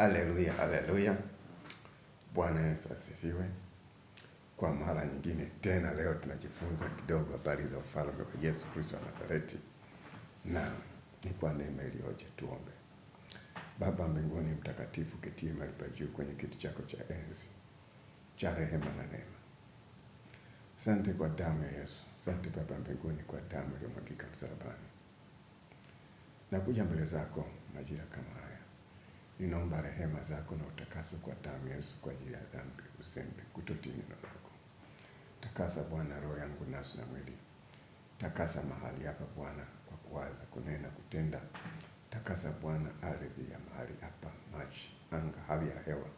Haleluya, haleluya. Bwana Yesu asifiwe. Kwa mara nyingine tena leo tunajifunza kidogo habari za ufalme wa Yesu Kristo wa Nazareti, na ni kwa neema iliyoje. Tuombe. Baba mbinguni mtakatifu, ketie mahali pa juu kwenye kiti chako cha enzi cha rehema na neema, asante kwa damu ya Yesu. Asante Baba mbinguni kwa damu iliyomwagika msalabani. Nakuja mbele zako majira kama haya Ninaomba rehema zako na utakaso kwa damu ya Yesu kwa ajili ya dhambi, uzembe, kutotii neno lako. Takasa Bwana roho yangu, nafsi na mwili. Takasa mahali hapa Bwana kwa kuwaza, kunena, kutenda. Takasa Bwana ardhi ya mahali hapa, maji, anga, hali ya hewa.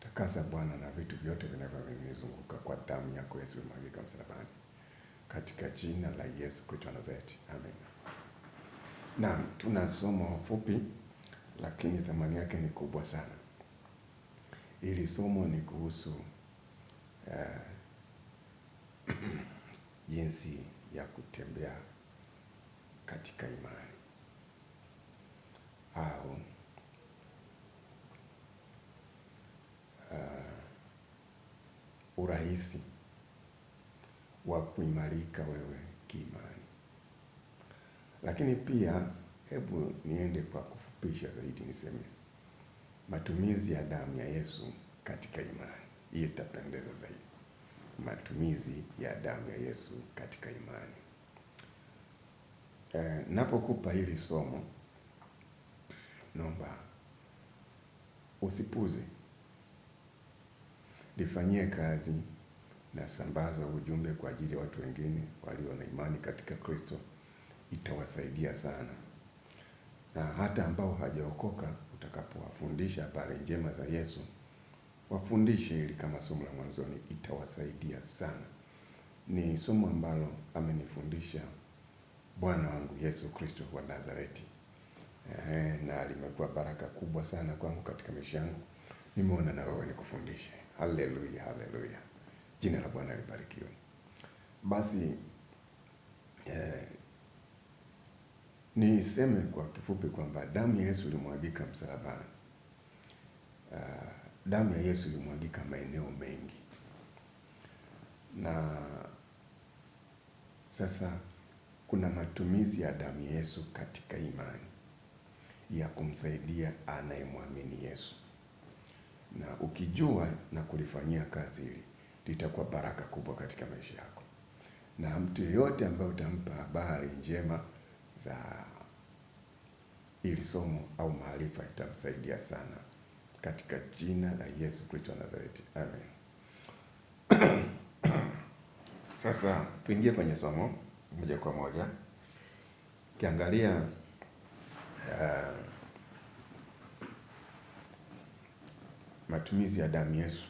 Takasa Bwana na vitu vyote vinavyonizunguka kwa damu yako Yesu imwagika msalabani, katika jina la Yesu Kristo wa Nazareti, amen. Naam, tuna somo fupi lakini thamani yake ni kubwa sana. Hili somo ni kuhusu uh, jinsi ya kutembea katika imani au uh, urahisi wa kuimarika wewe kiimani, lakini pia Hebu niende kwa kufupisha zaidi niseme matumizi ya damu ya Yesu katika imani. Hiyo itapendeza zaidi. Matumizi ya damu ya Yesu katika imani. E, napokupa hili somo naomba usipuze, lifanyie kazi na sambaza ujumbe kwa ajili ya watu wengine walio na imani katika Kristo. Itawasaidia sana na hata ambao hajaokoka utakapowafundisha habari njema za Yesu, wafundishe ili kama somo la mwanzoni, itawasaidia sana. Ni somo ambalo amenifundisha Bwana wangu Yesu Kristo wa Nazareti e, na limekuwa baraka kubwa sana kwangu katika maisha yangu. Nimeona na wewe nikufundishe. Haleluya, haleluya! Jina la Bwana libarikiwe. Basi e, Niseme kwa kifupi kwamba damu ya Yesu ilimwagika msalabani. Uh, damu ya Yesu ilimwagika maeneo mengi, na sasa kuna matumizi ya damu ya Yesu katika imani ya kumsaidia anayemwamini Yesu, na ukijua na kulifanyia kazi hili litakuwa baraka kubwa katika maisha yako, na mtu yeyote ambaye utampa habari njema za ili somo au maarifa itamsaidia sana katika jina la Yesu Kristo wa Nazareti, amen. Sasa tuingie kwenye somo moja kwa moja, ukiangalia uh, matumizi ya damu Yesu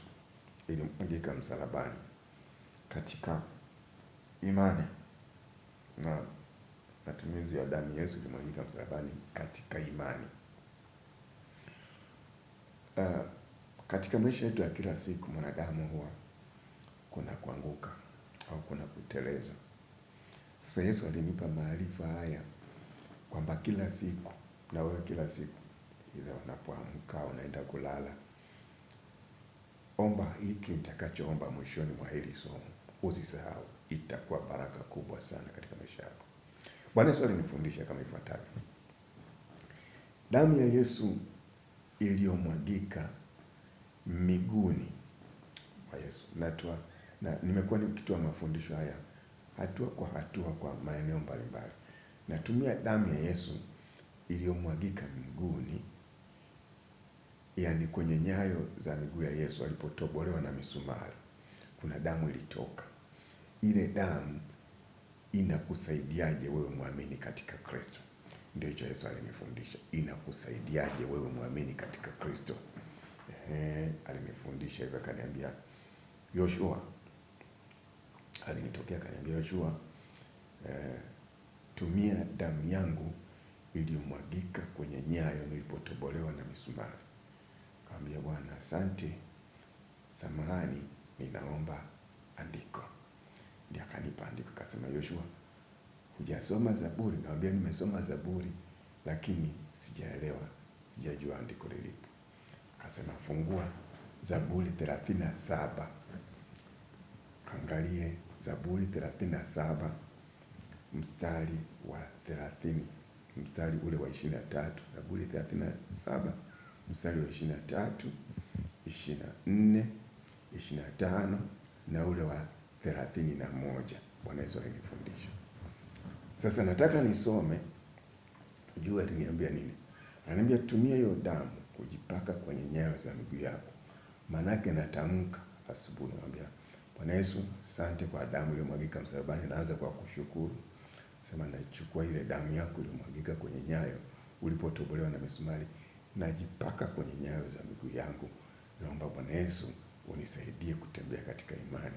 ilimwagika msalabani katika imani na matumizi ya damu Yesu ilimwagika msalabani katika imani. Uh, katika maisha yetu ya kila siku mwanadamu huwa kuna kuanguka au kuna kuteleza. Sasa Yesu alinipa maarifa haya kwamba kila siku na wewe kila siku iza unapoamka unaenda kulala, omba hiki nitakachoomba mwishoni mwa hili somo, usisahau. Itakuwa baraka kubwa sana katika maisha yako. Bwana Yesu alinifundisha kama ifuatavyo: damu ya Yesu iliyomwagika miguuni kwa Yesu natua, na nimekuwa nikitoa mafundisho haya hatua kwa hatua kwa maeneo mbalimbali. Natumia damu ya Yesu iliyomwagika miguuni, yani kwenye nyayo za miguu ya Yesu alipotobolewa na misumari, kuna damu ilitoka. Ile damu inakusaidiaje wewe muamini katika Kristo? Ndio hicho Yesu alinifundisha, inakusaidiaje wewe muamini katika Kristo? Ehe, alinifundisha hivyo, akaniambia Yoshua, alinitokea akaniambia Yoshua, e, tumia damu yangu iliyomwagika kwenye nyayo nilipotobolewa na misumari. Kaambia Bwana, asante, samahani, ninaomba andiko ndio akanipa andiko akasema, Yoshua, hujasoma Zaburi? nawambia nimesoma Zaburi, lakini sijaelewa, sijajua andiko lilipo. Akasema fungua Zaburi thelathini na saba angalie Zaburi thelathini na saba mstari wa thelathini mstari ule wa ishirini na tatu Zaburi thelathini na saba mstari wa ishirini na tatu ishirini na nne ishirini na tano na ule wa thelathini na moja Bwana Yesu alinifundisha. Sasa nataka nisome ujue aliniambia nini. Ananiambia tumia hiyo damu kujipaka kwenye nyayo za miguu yako. Manake natamka asubuhi namwambia Bwana Yesu, asante kwa damu iliyomwagika msalabani. Naanza kwa kushukuru. Sema naichukua ile damu yako iliyomwagika kwenye nyayo ulipotobolewa na misumari, najipaka kwenye nyayo za miguu yangu. Naomba Bwana Yesu unisaidie kutembea katika imani.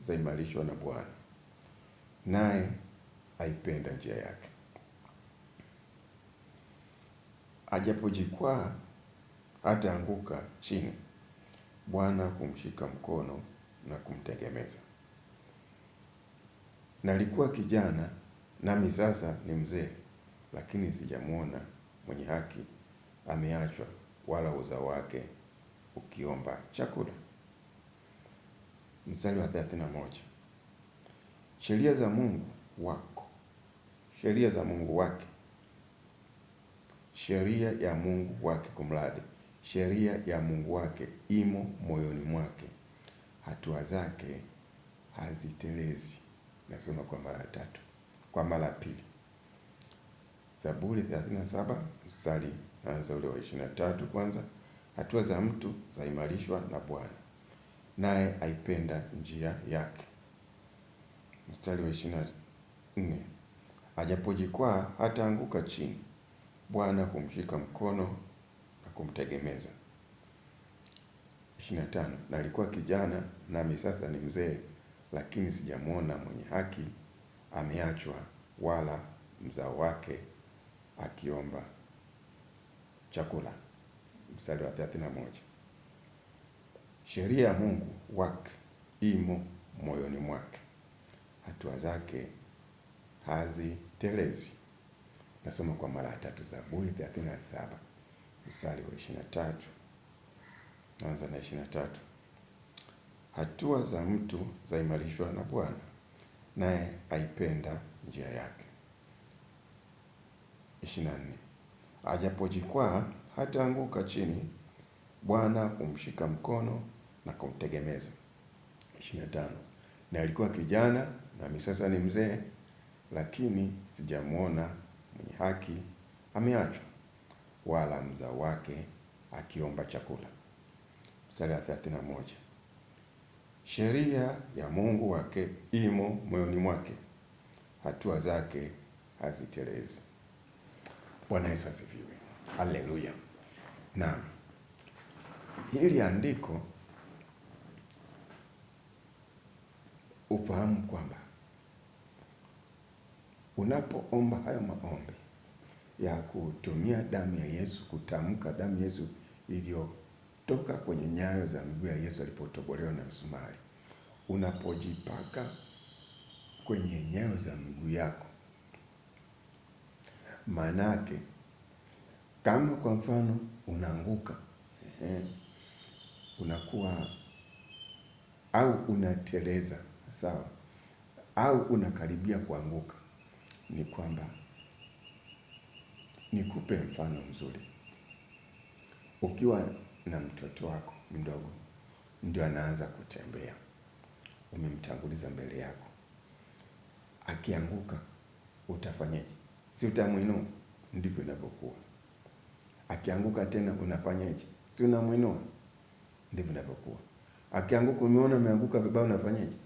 zaimarishwa na Bwana, naye aipenda njia yake. Ajapojikwaa hata anguka chini, Bwana kumshika mkono na kumtegemeza. Nalikuwa kijana nami sasa ni mzee, lakini sijamwona mwenye haki ameachwa, wala uzao wake ukiomba chakula mstari wa 31. Sheria za Mungu wako, sheria za Mungu wake, sheria ya Mungu wake, kumradhi, sheria ya Mungu wake imo moyoni mwake, hatua zake hazitelezi. Nasoma kwa mara tatu, kwa mara pili. Zaburi 37 mstari anza ule wa 23 kwanza, hatua za mtu zaimarishwa na Bwana naye aipenda njia yake. Mstari wa ishirini na nne ajapojikwaa hataanguka chini, Bwana humshika mkono na kumtegemeza. ishirini na tano alikuwa kijana nami sasa ni mzee, lakini sijamwona mwenye haki ameachwa, wala mzao wake akiomba chakula. Mstari wa 31. Sheria ya Mungu wake imo moyoni mwake, hatua zake hazitelezi. Nasoma kwa mara ya tatu, Zaburi 37 mstari wa 23, naanza na 23. Hatua za mtu zaimarishwa na Bwana, naye aipenda njia yake. 24. Ajapojikwaa hataanguka chini, Bwana humshika mkono na kumtegemeza. 25 na na alikuwa kijana nami sasa ni mzee, lakini sijamwona mwenye haki ameachwa, wala mzao wake akiomba chakula. Mstari wa 31 sheria ya Mungu wake imo moyoni mwake, hatua zake hazitelezi. Bwana Yesu asifiwe, haleluya. Naam, hili andiko ufahamu kwamba unapoomba hayo maombi ya kutumia damu ya Yesu, kutamka damu ya Yesu iliyotoka kwenye nyayo za miguu ya Yesu alipotobolewa na msumari, unapojipaka kwenye nyayo za miguu yako, yake kama kwa mfano unaanguka eh, unakuwa au unateleza sawa, au unakaribia kuanguka, ni kwamba nikupe mfano mzuri. Ukiwa na mtoto wako mdogo ndio anaanza kutembea, umemtanguliza mbele yako, akianguka utafanyaje? Si utamwinua? Ndivyo inavyokuwa. Akianguka tena unafanyaje? Si unamwinua? Ndivyo inavyokuwa. Akianguka, umeona ameanguka vibaya, unafanyaje?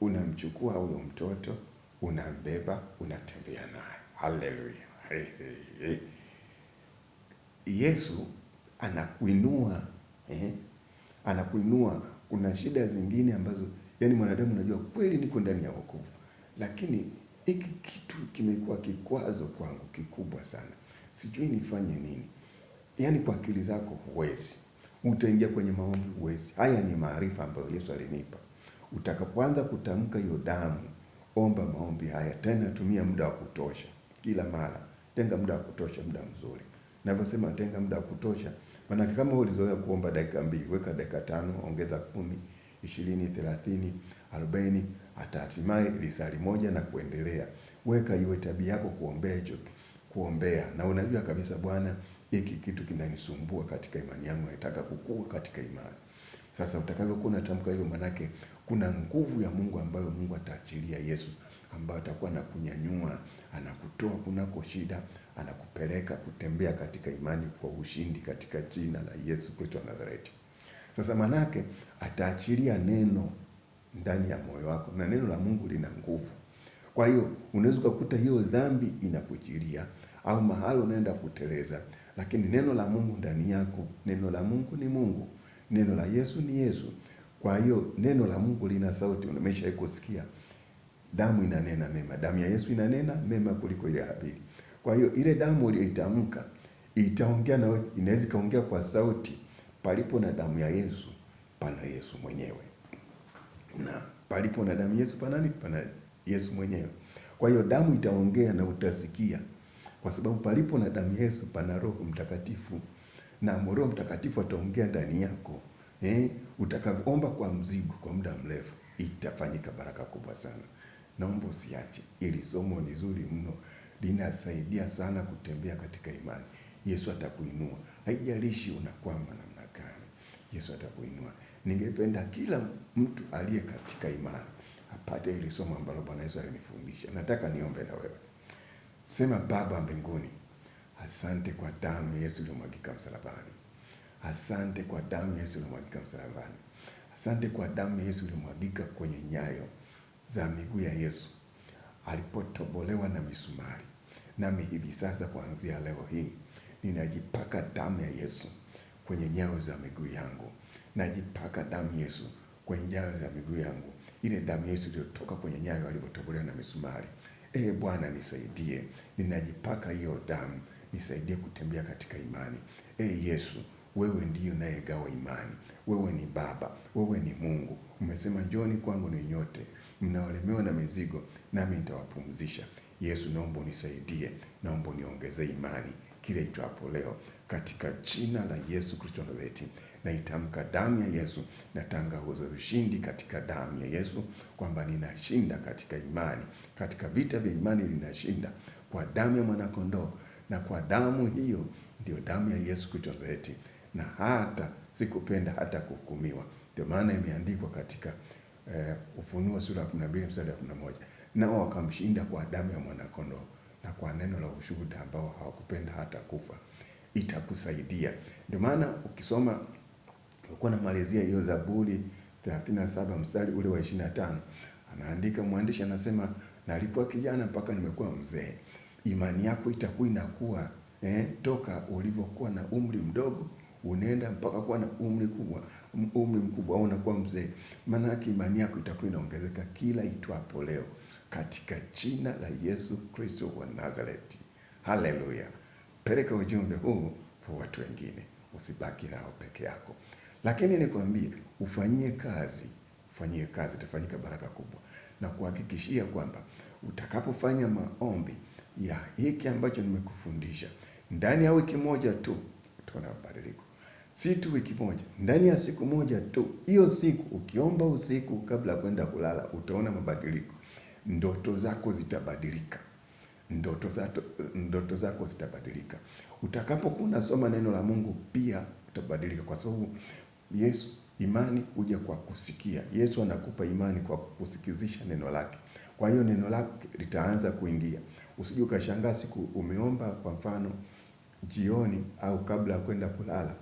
unamchukua huyo mtoto unambeba, unatembea naye. Haleluya! Yesu anakuinua eh? Anakuinua. Kuna shida zingine ambazo yani mwanadamu unajua kweli niko ndani ya wokovu, lakini hiki kitu kimekuwa kikwazo kwangu kikubwa sana, sijui nifanye nini. Yani kwa akili zako huwezi, utaingia kwenye maombi huwezi. Haya ni maarifa ambayo Yesu alinipa. Utakapoanza kutamka hiyo damu, omba maombi haya tena, tumia muda wa kutosha kila mara. Tenga muda wa kutosha, muda mzuri. Navyosema tenga muda wa kutosha, maana kama ulizoea kuomba dakika mbili, weka dakika tano, ongeza kumi, ishirini, thelathini, arobaini, hata hatimaye lisali moja na kuendelea. Weka iwe tabia yako kuombea hicho kuombea, na unajua kabisa, Bwana, hiki kitu kinanisumbua katika imani yangu, nataka kukua katika imani. Sasa utakavyokuwa unatamka hiyo, manake kuna nguvu ya Mungu ambayo Mungu ataachilia Yesu, ambayo atakuwa anakunyanyua, anakutoa kunako shida, anakupeleka kutembea katika imani kwa ushindi katika jina la Yesu Kristo wa Nazareti. Sasa manake ataachilia neno ndani ya moyo wako, na neno la Mungu lina nguvu. Kwa hiyo unaweza ukakuta hiyo dhambi inakujilia au mahali unaenda kuteleza, lakini neno la Mungu ndani yako, neno la Mungu ni Mungu, neno la Yesu ni Yesu, kwa hiyo neno la Mungu lina sauti, umeshawahi kusikia? Damu inanena mema, damu ya Yesu inanena mema kuliko ile ya Habili. Kwa hiyo ile damu uliyoitamka itaongea na wewe, inaweza ikaongea kwa sauti. Palipo na damu ya Yesu pana Yesu mwenyewe, na palipo na damu Yesu pana nani? Pana Yesu mwenyewe. Kwa hiyo damu itaongea na utasikia, kwa sababu palipo na damu Yesu pana Roho Mtakatifu na Roho Mtakatifu ataongea ndani yako eh? utakavyoomba kwa mzigo kwa muda mrefu, itafanyika baraka kubwa sana. Naomba usiache ili somo ni zuri mno, linasaidia sana kutembea katika imani. Yesu atakuinua, haijalishi unakwama namna gani, Yesu atakuinua. Ningependa kila mtu aliye katika imani apate ili somo ambalo Bwana Yesu alinifundisha. Nataka niombe na wewe. Sema: Baba mbinguni, asante kwa damu Yesu iliyomwagika msalabani Asante kwa damu Yesu ulimwagika msalabani. Asante kwa damu Yesu ulimwagika kwenye nyayo za miguu ya Yesu alipotobolewa na misumari. Nami hivi sasa kuanzia leo hii ninajipaka damu ya Yesu kwenye nyayo za miguu yangu. Najipaka damu Yesu kwenye nyayo za miguu yangu, ile damu Yesu iliyotoka kwenye nyayo alipotobolewa na misumari. Ee Bwana, nisaidie, ninajipaka hiyo damu, nisaidie kutembea katika imani. Ee Yesu wewe ndiyo unayegawa imani, wewe ni Baba, wewe ni Mungu. Umesema njoni kwangu ni nyote mnaolemewa na mizigo, nami nitawapumzisha. Yesu, naomba unisaidie, naomba uniongezee imani kile ichwapo leo katika jina la Yesu Kristo Nazareti, naitamka damu ya Yesu, natangaza ushindi katika damu ya Yesu, kwamba ninashinda katika imani, katika vita vya imani ninashinda kwa damu ya mwanakondoo, na kwa damu hiyo, ndiyo damu ya Yesu Kristo Nazareti na hata sikupenda hata kuhukumiwa. Ndio maana imeandikwa katika eh, Ufunuo sura ya 12 mstari wa 11, nao wakamshinda kwa damu ya mwanakondoo na kwa neno la ushuhuda ambao hawakupenda hata kufa. Itakusaidia. Ndio maana ukisoma na malezia hiyo Zaburi 37 mstari ule wa 25, anaandika mwandishi anasema, nalikuwa kijana mpaka nimekuwa mzee, imani yako itakuwa inakuwa eh, toka ulivyokuwa na umri mdogo unaenda mpaka kuwa na umri kubwa, umri mkubwa au unakuwa mzee. Maana yake imani yako itakuwa inaongezeka kila itwapo leo, katika jina la Yesu Kristo wa Nazareti. Haleluya! Peleka ujumbe huu kwa watu wengine, usibaki nao peke yako. Lakini nikwambie, ufanyie kazi, ufanyie kazi, itafanyika baraka kubwa, na kuhakikishia kwamba utakapofanya maombi ya hiki ambacho nimekufundisha ndani ya wiki moja tu utaona mabadiliko si tu wiki moja, ndani ya siku moja tu. Hiyo siku ukiomba usiku kabla ya kwenda kulala, utaona mabadiliko. Ndoto zako zitabadilika, ndoto zako, ndoto zako zitabadilika. Utakapokuwa unasoma neno la Mungu pia utabadilika, kwa sababu Yesu, imani huja kwa kusikia. Yesu anakupa imani kwa kusikizisha neno lake, kwa hiyo neno lake litaanza kuingia. Usije ukashangaa siku umeomba, kwa mfano jioni au kabla ya kwenda kulala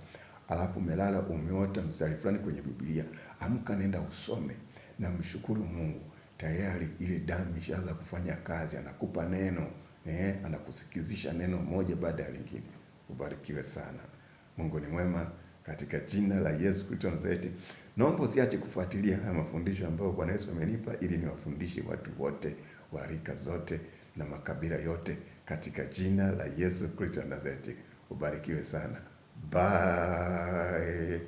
alafu umelala umeota mstari fulani kwenye Biblia, amka nenda usome na mshukuru Mungu. Tayari ile damu ishaanza kufanya kazi, anakupa neno eh, anakusikizisha neno moja baada ya lingine. Ubarikiwe sana. Mungu ni mwema. Katika jina la Yesu Kristo Nazareti, naomba usiache kufuatilia haya mafundisho ambayo Bwana Yesu amenipa ili niwafundishe watu wote wa rika zote na makabila yote katika jina la Yesu Kristo Nazareti. Ubarikiwe sana. Bye.